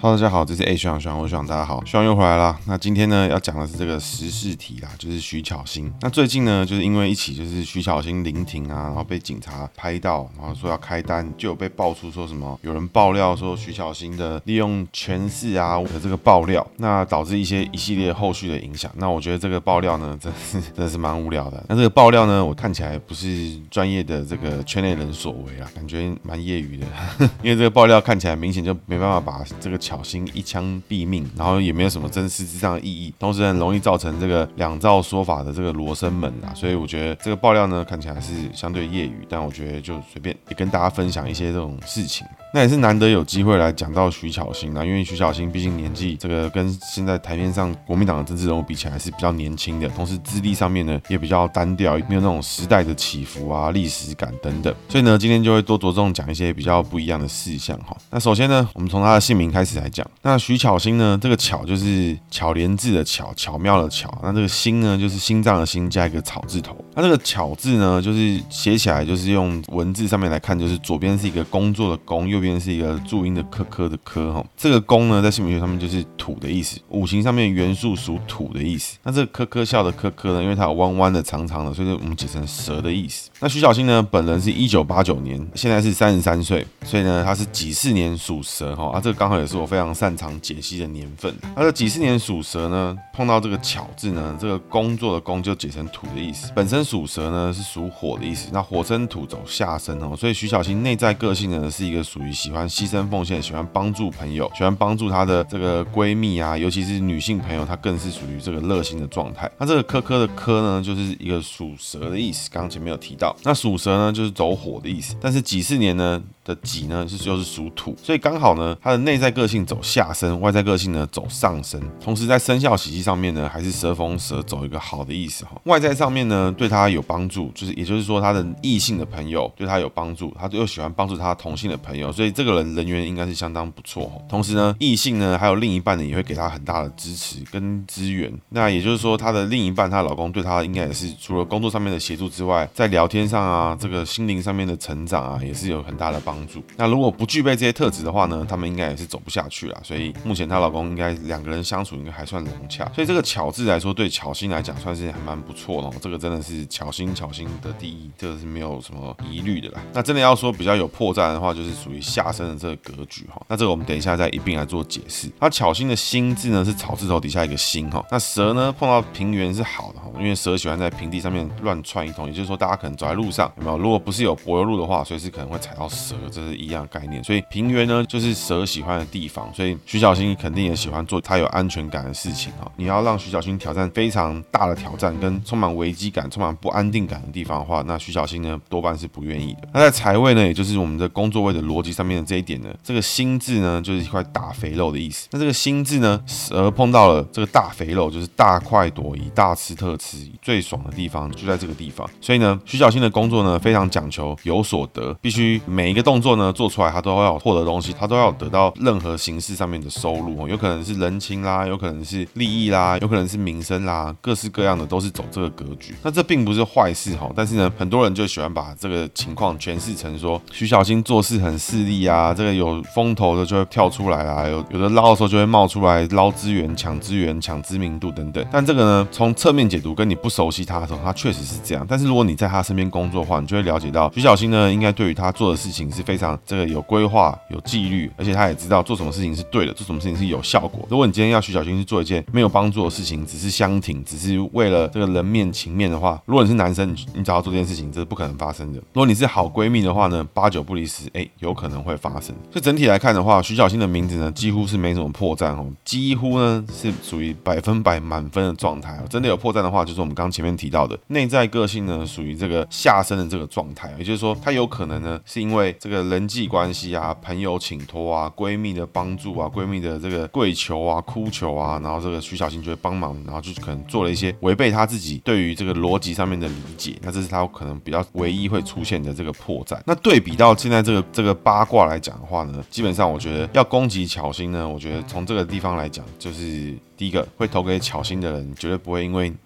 哈囉，大家好，這是欸，學長學長，我是學長，大家好，學長又回來了。那今天呢，要講的是這個時事題啦，就是徐巧芯。那最近呢，就是因為一起就是徐巧芯臨停啊，然後被警察拍到，然後說要開單，就有被爆出說什麼，有人爆料說徐巧芯的利用權勢啊，的這個爆料，那導致一些一系列後續的影響。那我覺得這個爆料呢，真是真的是蠻無聊的。那這個爆料呢，我看起來不是專業的這個圈內人所為啊，感覺蠻業餘的， 因為這個爆料看起來明顯就沒辦法把這個。巧芯一槍斃命，然後也沒有什麼真實之上的意義，同時很容易造成這個兩造說法的這個羅生門啊，所以我覺得這個爆料呢，看起來是相對業餘，但我覺得就隨便也跟大家分享一些這種事情。那也是難得有機會來講到徐巧芯啊，因為徐巧芯畢竟年紀這個跟現在台面上國民黨的政治人物比起來是比較年輕的，同時資歷上面呢也比較單調，也沒有那種時代的起伏啊、歷史感等等，所以呢今天就會多着重講一些比較不一樣的事項哈。那首先呢，我們從他的姓名開始。來講，那徐巧芯呢？這個巧就是巧連智的巧，巧妙的巧。那這個芯呢，就是心臟的心加一個草字頭。那這個巧字呢，就是寫起來就是用文字上面來看，就是左邊是一個工作的工，右邊是一個注音的科科的科哈。這個工呢，在姓名學上面就是土的意思，五行上面元素屬土的意思。那這個科科笑的科科呢，因為它有彎彎的、長長的，所以我們、嗯、解成蛇的意思。那徐巧芯呢，本人是一九八九年，現在是三十三歲，所以呢，他是己巳年屬蛇哈。啊，這個剛好也是我。非常擅長解析的年份，那這己巳年，屬蛇呢，碰到這個巧字呢，這個工作的工就解成土的意思。本身屬蛇呢是屬火的意思，那火生土走下生哦。所以徐巧芯內在個性呢，是一個屬於喜歡犧牲奉獻、喜歡幫助朋友、喜歡幫助她的這個閨蜜啊，尤其是女性朋友，她更是屬於這個熱心的狀態。那這個科科的科呢，就是一個屬蛇的意思，剛剛前面有提到。那屬蛇呢就是走火的意思，但是己巳年呢的己呢是就是屬土，所以剛好呢，他的內在個性走下身，外在個性呢走上身，同時在生肖喜忌上面呢，還是蛇逢蛇走一個好的意思哈。外在上面呢對他有幫助，就是也就是說他的異性的朋友對他有幫助，他就又喜歡幫助他同性的朋友，所以這個人人緣應該是相當不錯。同時呢，異性呢還有另一半呢也會給他很大的支持跟資源。那也就是說他的另一半，她老公對她應該也是除了工作上面的協助之外，在聊天上啊，這個心靈上面的成長啊，也是有很大的幫助。那如果不具備這些特質的話呢，他們應該也是走不下去了。所以目前她老公應該兩個人相處應該還算融洽。所以這個巧字來說，對巧芯來講算是還蠻不錯的、哦。這個真的是巧芯巧芯得第一，這個是沒有什麼疑慮的啦。那真的要說比較有破綻的話，就是屬於下身的這個格局哈。那這個我們等一下再一並來做解釋。那巧芯的芯字呢是草字頭底下一個心哈。那蛇呢碰到平原是好的哈，因為蛇喜歡在平地上面亂竄一通。也就是說大家可能走在路上有沒有？如果不是有柏油路的話，隨時可能會踩到蛇。這是一樣的概念，所以平原呢就是蛇喜歡的地方，所以徐巧芯肯定也喜歡做他有安全感的事情啊、哦，你要讓徐巧芯挑戰非常大的挑戰跟充滿危機感、充滿不安定感的地方的話，那徐巧芯呢多半是不願意的。那在財位呢，也就是我們的工作位的邏輯上面的這一點呢，這個芯字呢就是一塊大肥肉的意思。那這個芯字呢，蛇碰到了這個大肥肉，就是大快朵頤、大吃特吃最爽的地方就在這個地方。所以呢，徐巧芯的工作呢非常講求有所得，必須每一個。動作呢做出來，他都要獲得東西，他都要得到任何形式上面的收入，有可能是人情啦，有可能是利益啦，有可能是名聲啦，各式各樣的都是走這個格局。那這並不是壞事吼，但是呢，很多人就喜歡把這個情況詮釋成說徐巧芯做事很勢利啊，這個有風頭的就會跳出來啦、啊，有有的撈的時候就會冒出來撈資源、搶資源、搶知名度等等。但這個呢，從側面解讀，跟你不熟悉他的時候，他確實是這樣。但是如果你在他身邊工作的話，你就會了解到徐巧芯呢，應該對於他做的事情。是非常這個有規劃、有紀律，而且他也知道做什麼事情是對的，做什麼事情是有效果。如果你今天要徐巧芯去做一件沒有幫助的事情，只是相挺，只是為了這個人面情面的話，如果你是男生，你你找他做這件事情，這是不可能發生的。如果你是好閨蜜的話呢，八九不離十，誒、欸，有可能會發生。所以整體來看的話，徐巧芯的名字呢，幾乎是沒什麼破綻哦，幾乎呢是屬於百分百滿分的狀態、哦。真的有破綻的話，就是我們剛剛前面提到的內在個性呢，屬於這個下身的這個狀態、哦，也就是說，他有可能呢是因為、這個這個人際關係啊，朋友請托啊，閨蜜的幫助啊，閨蜜的這個跪求啊、哭求啊，然後這個徐巧芯就會幫忙，然後就可能做了一些違背他自己對於這個邏輯上面的理解，那這是他可能比較唯一會出現的這個破綻。那對比到現在這個這個八卦來講的話呢，基本上我覺得要攻擊巧芯呢，我覺得從這個地方來講就是。第一個會投給巧芯的人絕對不會因為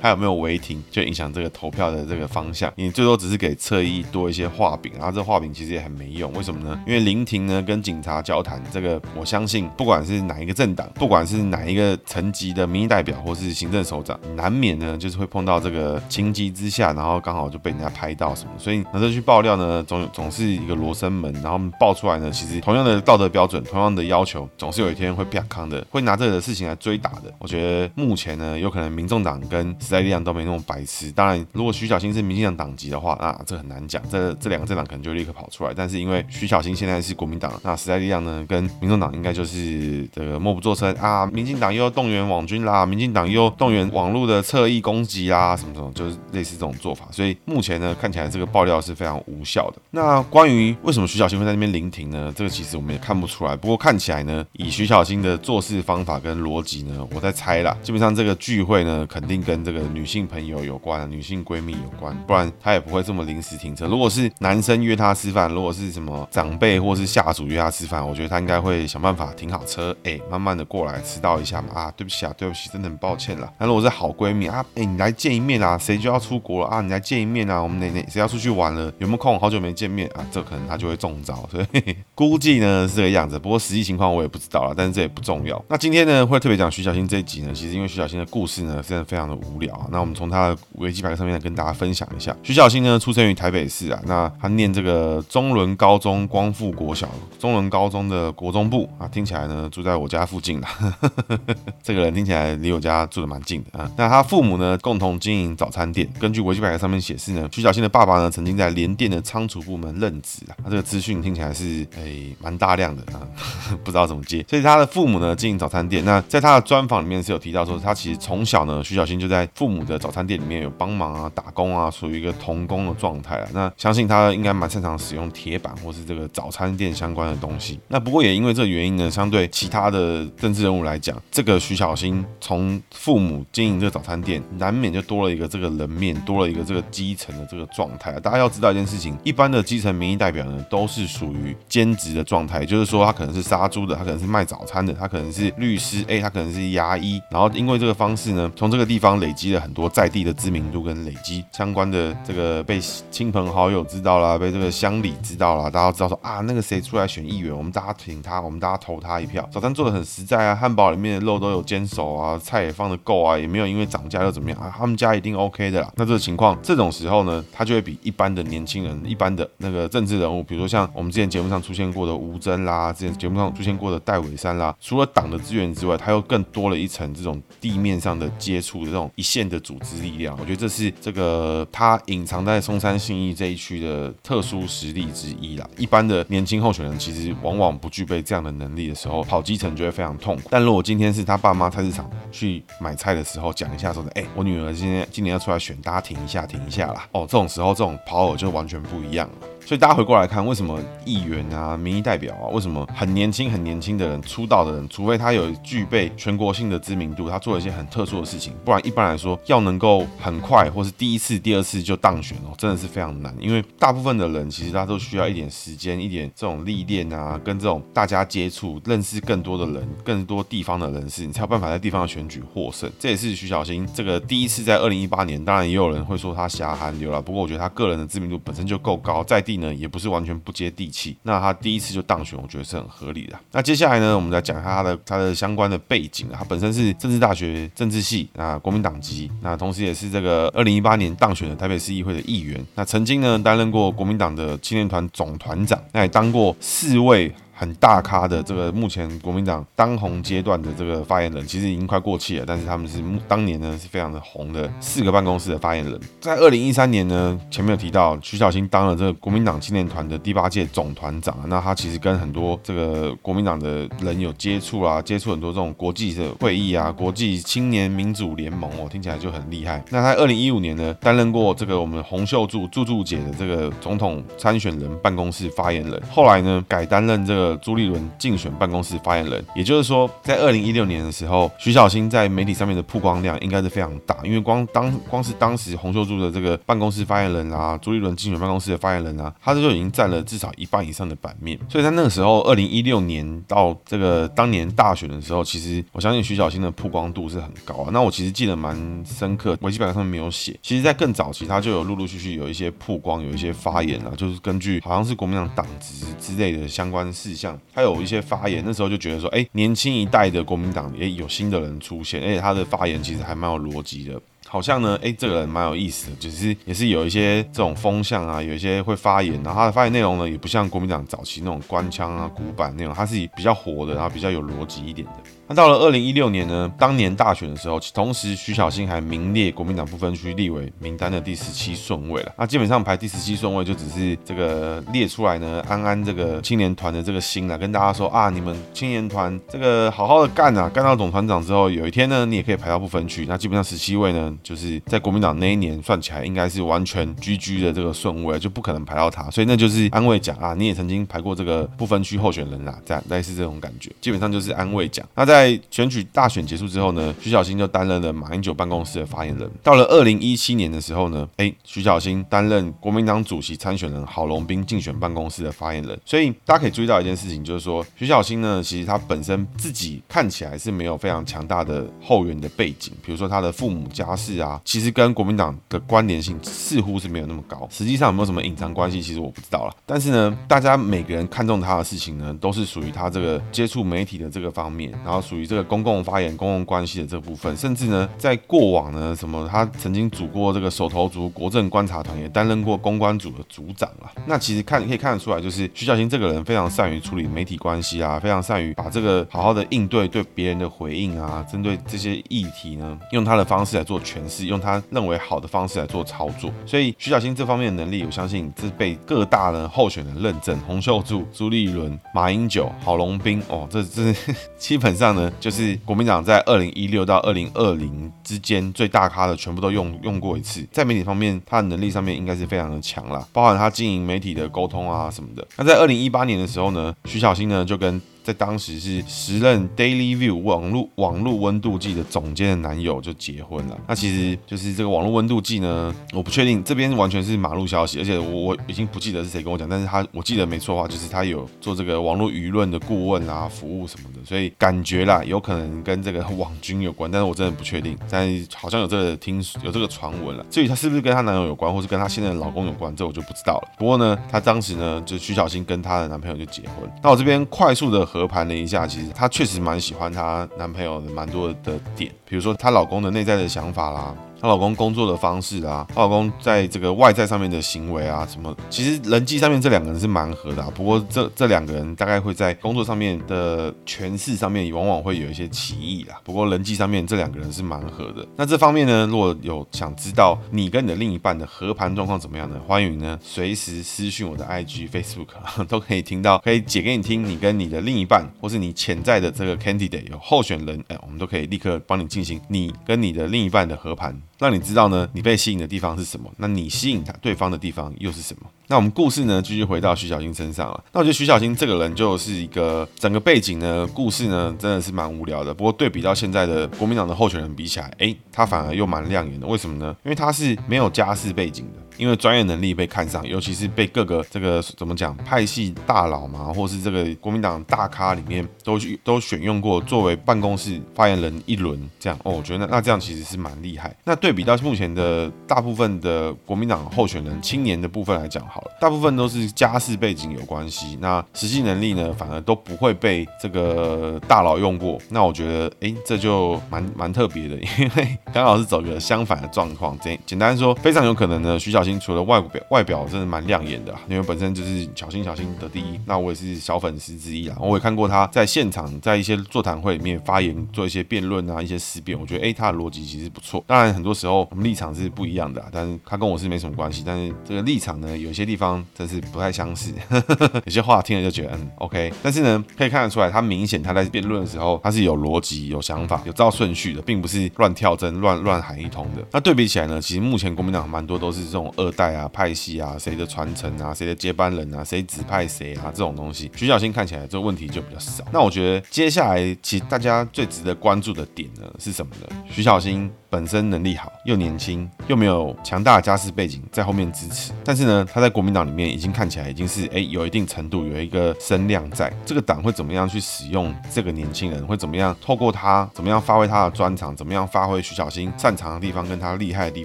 他有沒有違停就影響這個投票的這個方向，你最多只是給側翼多一些畫餅，然後這畫餅其實也很沒用。為什麼呢？因為臨停呢跟警察交談這個，我相信不管是哪一個政黨，不管是哪一個層級的民意代表或是行政首長，難免呢就是會碰到這個情急之下，然後剛好就被人家拍到什麼，所以拿這去爆料呢，總總是一個羅生門，然後爆出來呢，其實同樣的道德標準，同樣的要求，總是有一天會啪康的，會拿這個事情來追打的，我覺得目前呢，有可能民眾黨跟時代力量都沒那麼白痴。當然，如果徐巧芯是民進黨黨籍的話，那、啊、這很難講。這這兩個政黨可能就立刻跑出來。但是因為徐巧芯現在是國民黨，那時代力量呢跟民眾黨應該就是這個默不作聲啊。民進黨又要動員網軍啦，民進黨又動員網絡的側翼攻擊啦，什麼什麼，就是類似這種做法。所以目前呢，看起來這個爆料是非常無效的。那關於為什麼徐巧芯會在那邊聆聽呢？這個其實我們也看不出來。不過看起來呢，以徐巧芯的做事方法跟邏輯呢？我在猜啦。基本上這個聚會呢，肯定跟這個女性朋友有關，女性閨蜜有關，不然她也不會這麼臨時停車。如果是男生約她吃飯，如果是什麼長輩或是下屬約她吃飯，我覺得她應該會想辦法停好車，哎、欸，慢慢的過來遲到一下嘛。啊，對不起啊，對不起，真的很抱歉了。那、啊、如果是好閨蜜啊，哎、欸，你來見一面啊，誰就要出國了啊，你來見一面啊，我們哪哪誰要出去玩了，有沒有空？好久沒見面啊，這可能她就會中招。所以 估計呢是這個樣子，不過實際情況我也不知道了，但是這也不重要。那今天呢會。特別講徐巧芯這一集呢，其實因為徐巧芯的故事呢，真的非常的無聊、啊、那我們從他的維基百科上面來跟大家分享一下，徐巧芯呢，出生於台北市啊。那他念這個中崙高中光復國小，中崙高中的國中部啊，聽起來呢，住在我家附近啦。 這個人聽起來離我家住的蠻近的啊。那他父母呢，共同經營早餐店。根據維基百科上面顯示呢，徐巧芯的爸爸呢，曾經在聯電的倉儲部門任職啊。他這個資訊聽起來是誒、哎、蠻大量的啊， 不知道怎麼接。所以他的父母呢，經營早餐店，那。在他的專訪裡面是有提到說，他其實從小呢，徐巧芯就在父母的早餐店裡面有幫忙啊、打工啊，屬於一個童工的狀態啊。那相信他應該蠻擅長使用鐵板或是這個早餐店相關的東西。那不過也因為這個原因呢，相對其他的政治人物來講，這個徐巧芯從父母經營這個早餐店，難免就多了一個這個人面，多了一個這個基層的這個狀態啊。大家要知道一件事情，一般的基層民意代表呢，都是屬於兼職的狀態，就是說他可能是殺豬的，他可能是賣早餐的，他可能是律師誒。他可能是牙醫，然後因為這個方式呢，從這個地方累積了很多在地的知名度跟累積相關的這個被親朋好友知道啦，被這個鄉里知道啦，大家都知道說啊，那個誰出來選議員，我們大家挺他，我們大家投他一票。早餐做得很實在啊，漢堡裡面的肉都有煎熟啊，菜也放得夠啊，也沒有因為漲價又怎麼樣啊，他們家一定 OK 的啦。那這個情況，這種時候呢，他就會比一般的年輕人、一般的那個政治人物，比如說像我們之前節目上出現過的吳崢啦，之前節目上出現過的戴瑋姍啦，除了黨的資源之外，他又更多了一層這種地面上的接觸的這種一線的組織力量，我覺得這是這個他隱藏在松山信義這一區的特殊實力之一啦。一般的年輕候選人其實往往不具備這樣的能力的時候，跑基層就會非常痛苦。但如果今天是他爸媽菜市場去買菜的時候，講一下說的，哎，我女兒今天今年要出來選，大家停一下，停一下啦。哦，這種時候這種跑耳就完全不一樣了。所以大家回過來看，為什麼議員啊、民意代表啊，為什麼很年輕、很年輕的人出道的人，除非他有具備全國性的知名度，他做了一些很特殊的事情，不然一般來說要能夠很快或是第一次、第二次就當選哦、喔，真的是非常難。因為大部分的人其實他都需要一點時間、一點這種歷練啊，跟這種大家接觸、認識更多的人、更多地方的人士，你才有辦法在地方的選舉獲勝。這也是徐巧芯這個第一次在二零一八年，當然也有人會說他挾韓流了，不過我覺得他個人的知名度本身就夠高，在地。呢也不是完全不接地氣，那他第一次就當選，我覺得是很合理的。那接下來呢，我們再講一下他的他的相關的背景啊，他本身是政治大學政治系啊，國民黨籍，那同時也是這個二零一八年當選的台北市議會的議員。那曾經呢，擔任過國民黨的青年團總團長，那也當過四位。很大咖的這個目前國民黨當紅階段的這個發言人，其實已經快過氣了。但是他們是當年呢是非常的紅的四個辦公室的發言人。在二零一三年呢，前面有提到徐巧芯當了這個國民黨青年團的第八屆總團長。那他其實跟很多這個國民黨的人有接觸啊，接觸很多這種國際的會議啊，國際青年民主聯盟哦，聽起來就很厲害。那他二零一五年呢，擔任過這個我們洪秀柱柱柱姐的這個總統參選人辦公室發言人，後來呢改擔任這個。朱立倫競選辦公室發言人，也就是說，在二零一六年的時候，徐巧芯在媒體上面的曝光量應該是非常大，因為光當光是當時洪秀柱的這個辦公室發言人啊，朱立倫競選辦公室的發言人啊，他這就已經占了至少一半以上的版面。所以在那個時候，二零一六年到這個當年大選的時候，其實我相信徐巧芯的曝光度是很高啊。那我其實記得蠻深刻，我基本上沒有寫。其實，在更早期，他就有陸陸續續有一些曝光，有一些發言啊，就是根據好像是國民黨黨職之類的相關事。像他有一些發言，那時候就覺得說，哎、欸，年輕一代的國民黨也有新的人出現，而、欸、且他的發言其實還蠻有邏輯的，好像呢，哎、欸，這個人蠻有意思的，就是也是有一些這種風向啊，有一些會發言，然後他的發言內容呢，也不像國民黨早期那種官腔啊、古板那種，他是比較活的，然後比較有邏輯一點的。那到了二零一六年呢，當年大選的時候，同時徐巧芯還名列國民黨不分區立委名單的第十七順位了。那基本上排第十七順位，就只是這個列出來呢，安安這個青年團的這個心啦，跟大家說啊，你們青年團這個好好的幹啊，幹到總團長之後，有一天呢，你也可以排到不分區。那基本上十七位呢，就是在國民黨那一年算起來，應該是完全 GG 的這個順位，就不可能排到他。所以那就是安慰獎啊，你也曾經排過這個不分區候選人啦、啊，這樣，類似這種感覺。基本上就是安慰獎。那在在選舉大選結束之後呢，徐巧芯就擔任了馬英九辦公室的發言人。到了二零一七年的時候呢，誒、欸，徐巧芯擔任國民黨主席參選人郝龍斌競選辦公室的發言人。所以大家可以注意到一件事情，就是說徐巧芯呢，其實他本身自己看起來是沒有非常強大的後援的背景，比如說他的父母家世啊，其實跟國民黨的關聯性似乎是沒有那麼高。實際上有沒有什麼隱藏關係，其實我不知道了。但是呢，大家每個人看中他的事情呢，都是屬於他這個接觸媒體的這個方面，然後。屬於這個公共發言、公共關係的這部分，甚至呢，在過往呢，什麼他曾經組過這個首投族國政觀察團，也擔任過公關組的組長啊。那其實看可以看得出來，就是徐巧芯這個人非常善於處理媒體關係啊，非常善於把這個好好的應對對別人的回應啊，針對這些議題呢，用他的方式來做詮釋，用他認為好的方式來做操作。所以徐巧芯這方面的能力，我相信這是被各大的候選人認證。洪秀柱、朱立倫、馬英九、郝龍斌，哦，這這基本上呢。就是國民黨在二零一六到二零二零之間最大咖的，全部都用用過一次，在媒體方面，他的能力上面應該是非常的強啦，包含他經營媒體的溝通啊什麼的。那在二零一八年的時候呢，徐巧芯呢就跟在當時是時任 Daily View 網路網絡溫度計的總監的男友就結婚了。那其實就是這個網絡溫度計呢，我不確定這邊完全是馬路消息，而且我我已經不記得是誰跟我講，但是他我記得沒錯的話，就是他有做這個網絡輿論的顧問啊服務什麼的，所以感覺啦，有可能跟這個網軍有關，但是我真的不確定。但好像有這個聽有這個傳聞了。至於他是不是跟她男友有關，或是跟她現在的老公有關，這我就不知道了。不過呢，她當時呢就徐巧芯跟她的男朋友就結婚。那我這邊快速的和合盤了一下，其實她確實蠻喜歡她男朋友的蠻多的點，比如說她老公的內在的想法啦。她老公工作的方式啊，她老公在這個外在上面的行為啊，什麼，其實人際上面這兩個人是蠻合的。啊，不過這這兩個人大概會在工作上面的詮釋上面，往往會有一些歧義啦。不過人際上面這兩個人是蠻合的。那這方面呢，如果有想知道你跟你的另一半的合盤狀況怎麼樣呢？歡迎呢隨時私訊我的 IG、Facebook，都可以聽到，可以解給你聽。你跟你的另一半，或是你潛在的這個 candidate 有候選人，哎，我們都可以立刻幫你進行你跟你的另一半的合盤。讓你知道呢，你被吸引的地方是什麼？那你吸引他對方的地方又是什麼？那我們故事呢，繼續回到徐巧芯身上了。那我覺得徐巧芯這個人就是一個整個背景呢，故事呢，真的是蠻無聊的。不過對比到現在的國民黨的候選人比起來，哎，他反而又蠻亮眼的。為什麼呢？因為他是沒有家世背景的。因為專業能力被看上，尤其是被各個這個怎麼講，派系大佬嘛，或是這個國民黨大咖裡面都都選用過作為辦公室發言人一輪這樣哦，我覺得那那這樣其實是蠻厲害。那對比到目前的大部分的國民黨候選人青年的部分來講好了，大部分都是家世背景有關係，那實際能力呢，反而都不會被這個大佬用過。那我覺得哎，這就蠻蠻特別的，因為剛好是走一個相反的狀況。簡簡單說，非常有可能呢，徐小。除了外表，外表真的蠻亮眼的、啊，因為本身就是巧芯巧芯得第一，那我也是小粉絲之一啊，我也看過他在現場，在一些座談會裡面發言，做一些辯論啊，一些思辨，我覺得哎，他的邏輯其實不錯。當然很多時候我們立場是不一樣的、啊，但是他跟我是沒什麼關係，但是這個立場呢，有些地方真是不太相似。呵呵呵，有些話聽了就覺得嗯 OK，但是呢，可以看得出來，他明顯他在辯論的時候，他是有邏輯、有想法、有照順序的，並不是亂跳針、亂亂喊一通的。那對比起來呢，其實目前國民黨蠻多都是這種。二代啊，派系啊，誰的傳承啊，誰的接班人啊，誰指派誰啊，這種東西，徐巧芯看起來這個問題就比較少。那我覺得接下來，其實大家最值得關注的點呢，是什麼呢？徐巧芯本身能力好，又年輕，又沒有強大的家世背景在後面支持，但是呢，他在國民黨裡面已經看起來已經是，誒，有一定程度有一個聲量在。這個黨會怎麼樣去使用這個年輕人？會怎麼樣透過他，怎麼樣發揮他的專長？怎麼樣發揮徐巧芯擅長的地方跟他厲害的地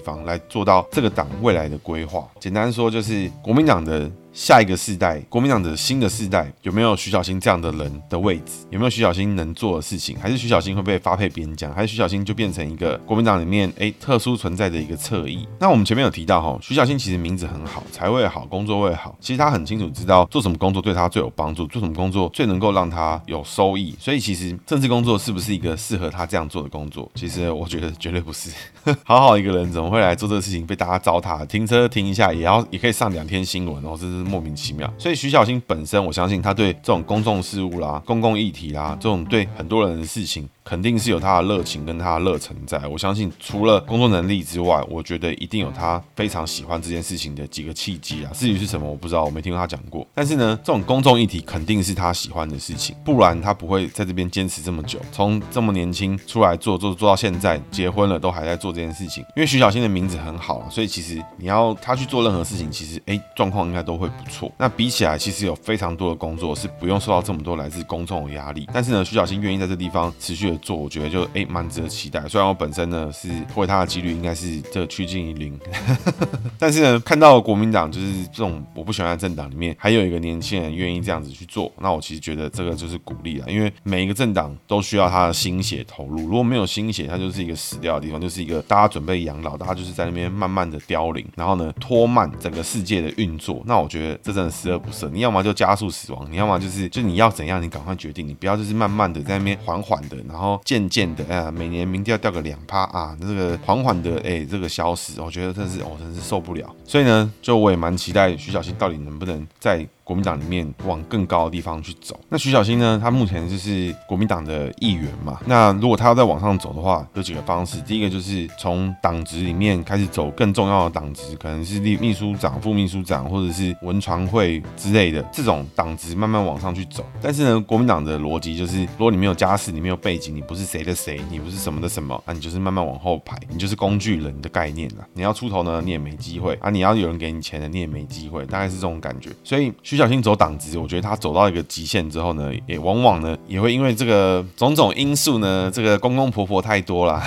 方，來做到這個黨未來的？規劃，簡單說就是國民黨的。下一個世代，國民黨的新的世代有沒有徐巧芯這樣的人的位置？有沒有徐巧芯能做的事情？還是徐巧芯會被發配邊疆？還是徐巧芯就變成一個國民黨裡面哎特殊存在的一個側翼？那我們前面有提到哈、哦，徐巧芯其實名字很好，財位好，工作位好。其實他很清楚知道做什麼工作對他最有幫助，做什麼工作最能夠讓他有收益。所以其實政治工作是不是一個適合他這樣做的工作？其實我覺得絕對不是。 好好一個人怎麼會來做這個事情？被大家糟蹋。停車停一下也要也可以上兩天新聞，哦，這是。莫名其妙，所以徐巧芯本身，我相信他對這種公眾事務啦、公共議題啦，這種對很多人的事情，肯定是有他的熱情跟他的熱忱在，我相信除了工作能力之外，我覺得一定有他非常喜歡這件事情的幾個契機啊，至於是什麼我不知道，我沒聽過他講過。但是呢，這種公眾議題肯定是他喜歡的事情，不然他不會在這邊堅持這麼久，從這麼年輕出來做做做到現在，結婚了都還在做這件事情。因為徐巧芯的名字很好啊，所以其實你要他去做任何事情，其實哎狀況應該都會不錯。那比起來，其實有非常多的工作是不用受到這麼多來自公眾的壓力，但是呢，徐巧芯願意在這地方持續的。做我覺得就哎蠻、欸、值得期待，雖然我本身呢是破他的幾率應該是這趨近於零， 但是呢看到國民黨就是這種我不喜歡的政黨裡面，還有一個年輕人願意這樣子去做，那我其實覺得這個就是鼓勵了，因為每一個政黨都需要他的心血投入，如果沒有心血，他就是一個死掉的地方，就是一個大家準備養老，大家就是在那邊慢慢的凋零，然後呢拖慢整個世界的運作，那我覺得這真的十惡不赦，你要麼就加速死亡，你要麼就是就你要怎樣，你趕快決定，你不要就是慢慢的在那邊緩緩的，然後。然後漸漸的，哎、啊、每年民調要掉個兩趴啊，這、那個緩緩的，哎，這個消失，我覺得真的是，我、哦、真是受不了。所以呢，就我也蠻期待徐巧芯到底能不能再國民黨裡面往更高的地方去走，那徐巧芯呢？他目前就是國民黨的議員嘛。那如果他要再往上走的話，有幾個方式。第一個就是從黨職裡面開始走更重要的黨職，可能是秘秘書長、副秘書長，或者是文傳會之類的這種黨職，慢慢往上去走。但是呢，國民黨的邏輯就是，如果你沒有家世，你沒有背景，你不是誰的誰，你不是什麼的什麼，啊，你就是慢慢往後排，你就是工具人的概念了。你要出頭呢，你也沒機會啊。你要有人給你錢呢，你也沒機會，大概是這種感覺。所以。徐巧芯走黨籍，我覺得他走到一個極限之後呢，也往往呢也會因為這個種種因素呢，這個公公婆婆太多了，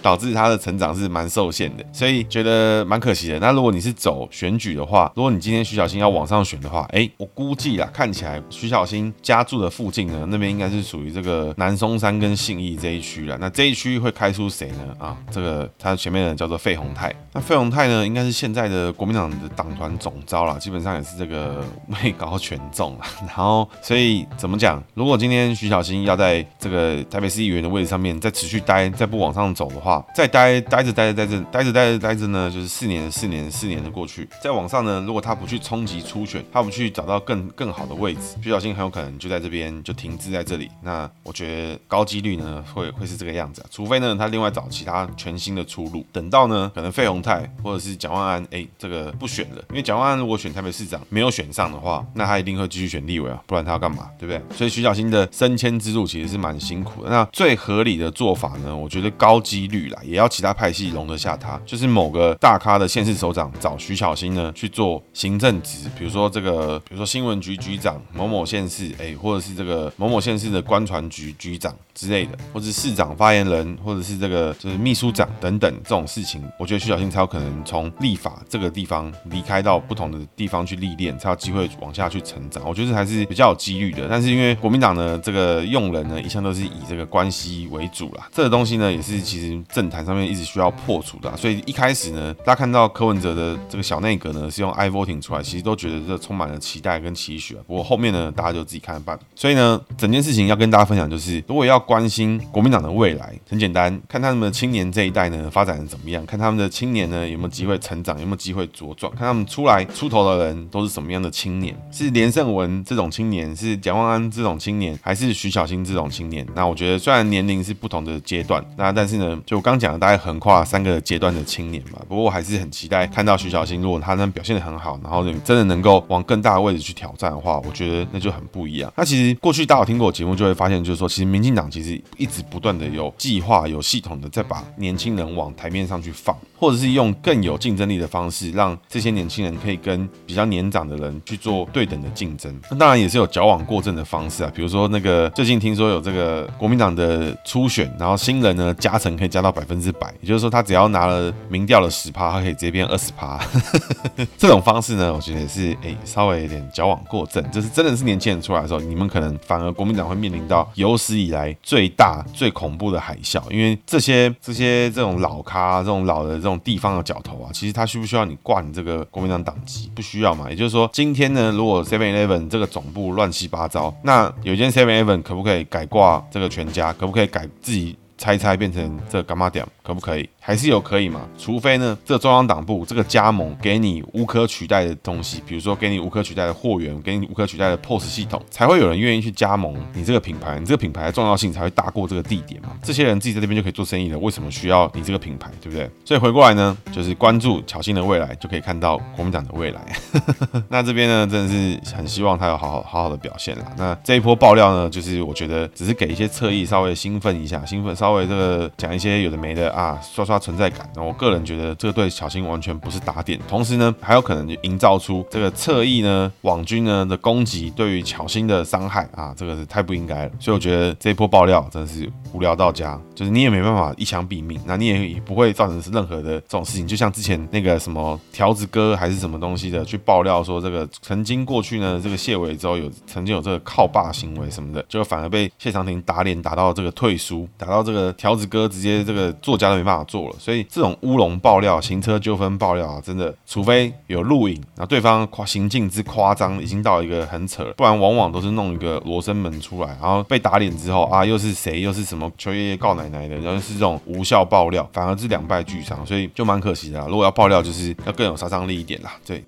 導致他的成長是蠻受限的，所以覺得蠻可惜的。那如果你是走選舉的話，如果你今天徐巧芯要往上選的話，哎、欸，我估計啦，看起來徐巧芯家住的附近呢，那邊應該是屬於這個南松山跟信義這一區了。那這一區會開出誰呢？啊，這個他前面的叫做費鴻泰。那費鴻泰呢，應該是現在的國民黨的黨團總召了，基本上也是這個。位高權重了，然後所以怎麼講？如果今天徐巧芯要在這個台北市議員的位置上面再持續待，再不往上走的話，再待待着待着待着待着待着待着呢，就是四年四年四年的過去，再往上呢，如果他不去衝擊初選，他不去找到更更好的位置，徐巧芯很有可能就在這邊就停滯在這裡。那我覺得高幾率呢會會是這個樣子，啊，除非呢他另外找其他全新的出路。等到呢可能費鴻泰或者是蔣萬安，哎，這個不選了，因為蔣萬安如果選台北市長沒有選上。的話，那他一定會繼續選立委啊，不然他要幹嘛？對不對？所以徐巧芯的升遷之路其實是蠻辛苦的。那最合理的做法呢？我覺得高幾率啦，也要其他派系容得下他。就是某個大咖的縣市首長找徐巧芯呢去做行政職，比如說這個，比如說新聞局局長某某縣市，哎，或者是這個某某縣市的宣傳局局長之類的，或者是市長發言人，或者是這個就是秘書長等等這種事情，我覺得徐巧芯才有可能從立法這個地方離開到不同的地方去歷練，才有機會會往下去成長，我覺得還是比較有幾率的。但是因為國民黨的這個用人呢，一向都是以這個關係為主啦。這個東西呢，也是其實政壇上面一直需要破除的。所以一開始呢，大家看到柯文哲的這個小內閣呢，是用 I voting 出來，其實都覺得這充滿了期待跟期許啊。不過後面呢，大家就自己看着辦。所以呢，整件事情要跟大家分享，就是如果要關心國民黨的未來，很簡單，看他們的青年這一代呢發展的怎麼樣，看他們的青年呢有沒有機會成長，有沒有機會茁壯，看他們出來出頭的人都是什麼樣的青。青年是連勝文這種青年，是蔣萬安這種青年，還是徐巧芯這種青年？那我覺得雖然年齡是不同的階段，那但是呢，就我剛講的，大概橫跨三個階段的青年吧。不過我還是很期待看到徐巧芯，如果他能表現得很好，然後你真的能夠往更大的位置去挑戰的話，我覺得那就很不一樣。那其實過去大家有聽過我節目，就會發現就是說，其實民進黨其實一直不斷的有計劃、有系統的在把年輕人往台面上去放，或者是用更有競爭力的方式，讓這些年輕人可以跟比較年長的人去。做對等的競爭，那當然也是有矯枉過正的方式啊，比如說那個最近聽說有這個國民黨的初選，然後新人呢加成，可以加到百分之百，也就是說他只要拿了民調的十趴，他可以直接變二十趴。 這種方式呢，我覺得也是哎、欸，稍微有點矯枉過正，就是真的是年輕人出來的時候，你們可能反而國民黨會面臨到有史以來最大最恐怖的海嘯，因為這些這些這種老咖、這種老的這種地方的角頭啊，其實他需不需要你掛你這個國民黨黨籍，不需要嘛，也就是說今天。天呢！如果 Seven Eleven 這個總部亂七八糟，那有一間 Seven Eleven 可不可以改掛這個全家？可不可以改自己拆拆變成這乾媽店？可不可以？還是有可以嘛？除非呢，這個、中央黨部這個加盟給你無可取代的東西，比如說給你無可取代的貨源，給你無可取代的 POS 系統，才會有人願意去加盟你這個品牌。你這個品牌的重要性才會大過這個地點嘛？這些人自己在這邊就可以做生意了，為什麼需要你這個品牌？對不對？所以回過來呢，就是關注巧芯的未來，就可以看到國民黨的未來。 那這邊呢，真的是很希望他有好好好好的表現啦。那這一波爆料呢，就是我覺得只是給一些側翼稍微興奮一下，興奮稍微這個講一些有的沒的啊，說。刷存在感，那我個人覺得這個對巧芯完全不是打點，同時呢還有可能就營造出這個側翼呢網軍呢的攻擊對於巧芯的傷害啊，這個是太不應該了。所以我覺得這一波爆料真的是無聊到家，就是你也沒辦法一槍斃命，那你也不會造成是任何的這種事情。就像之前那個什麼條子哥還是什麼東西的去爆料說，這個曾經過去呢這個謝維洲有曾經有這個靠爸行為什麼的，就反而被謝長廷打臉打到這個退縮，打到這個條子哥直接這個作家都沒辦法做。所以這種烏龍爆料、行車糾紛爆料啊，真的，除非有錄影，然後對方誇行徑之誇張，已經到了一個很扯了，不然往往都是弄一個羅生門出來，然後被打臉之後啊，又是誰又是什麼求爺爺告奶奶的，然後是這種無效爆料，反而是兩敗俱傷，所以就蠻可惜的啦。如果要爆料，就是要更有殺傷力一點啦，對。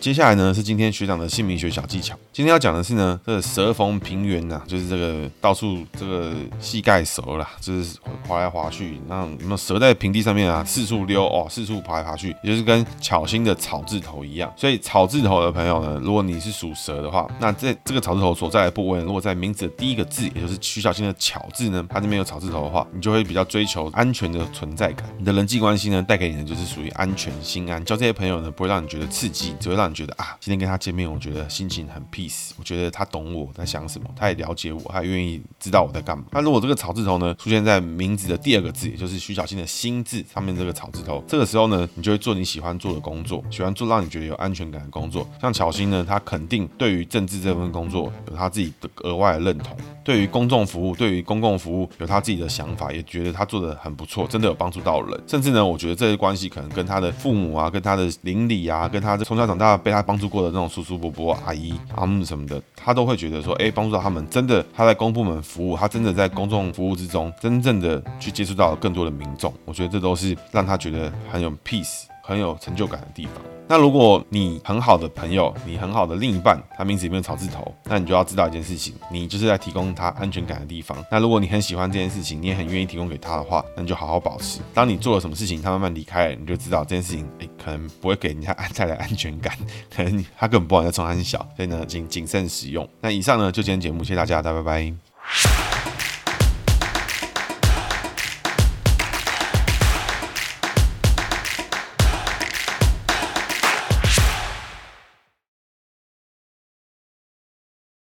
接下來呢，是今天學長的姓名學小技巧。今天要講的是呢，這個、蛇逢平原吶、啊，就是這個到處這個膝蓋蛇啦，就是滑來滑去。那有沒有蛇在平地上面啊，四處溜哦，四處爬來爬去，也就是跟巧芯的草字頭一樣。所以草字頭的朋友呢，如果你是屬蛇的話，那在這個草字頭所在的部位，如果在名字的第一個字，也就是徐巧芯的巧字呢，它這邊有草字頭的話，你就會比較追求安全的存在感。你的人際關係呢，帶給你的就是屬於安全、心安。交這些朋友呢，不會讓你覺得刺激，只會讓你。覺得啊，今天跟他見面，我覺得心情很 peace。我覺得他懂我在想什麼，他也了解我，他也願意知道我在幹嘛。那如果這個草字頭呢，出現在名字的第二個字，也就是徐巧芯的心字上面，這個草字頭，這個時候呢，你就會做你喜歡做的工作，喜歡做讓你覺得有安全感的工作。像巧芯呢，他肯定對於政治這份工作有他自己的額外的認同，對於公眾服務，對於公共服務有他自己的想法，也覺得他做的很不錯，真的有幫助到人。甚至呢，我覺得這些關係可能跟他的父母啊，跟他的鄰里啊，跟他的從小長大。被他幫助過的那種叔叔伯伯、阿姨、阿、嗯、姆什麼的，他都會覺得說：哎、欸，幫助到他們，真的，他在公部門服務，他真的在公眾服務之中，真正的去接觸到更多的民眾。我覺得這都是讓他覺得很有 peace。很有成就感的地方。那如果你很好的朋友，你很好的另一半，他名字裡面有草字頭，那你就要知道一件事情，你就是在提供他安全感的地方。那如果你很喜歡這件事情，你也很願意提供給他的話，那你就好好保持。當你做了什麼事情，他慢慢離開了，你就知道這件事情，誒可能不會給人家帶來安全感，可能他根本不管沖從安小，所以呢，請謹慎使用。那以上呢，就今天節目，謝謝大家，大家拜拜。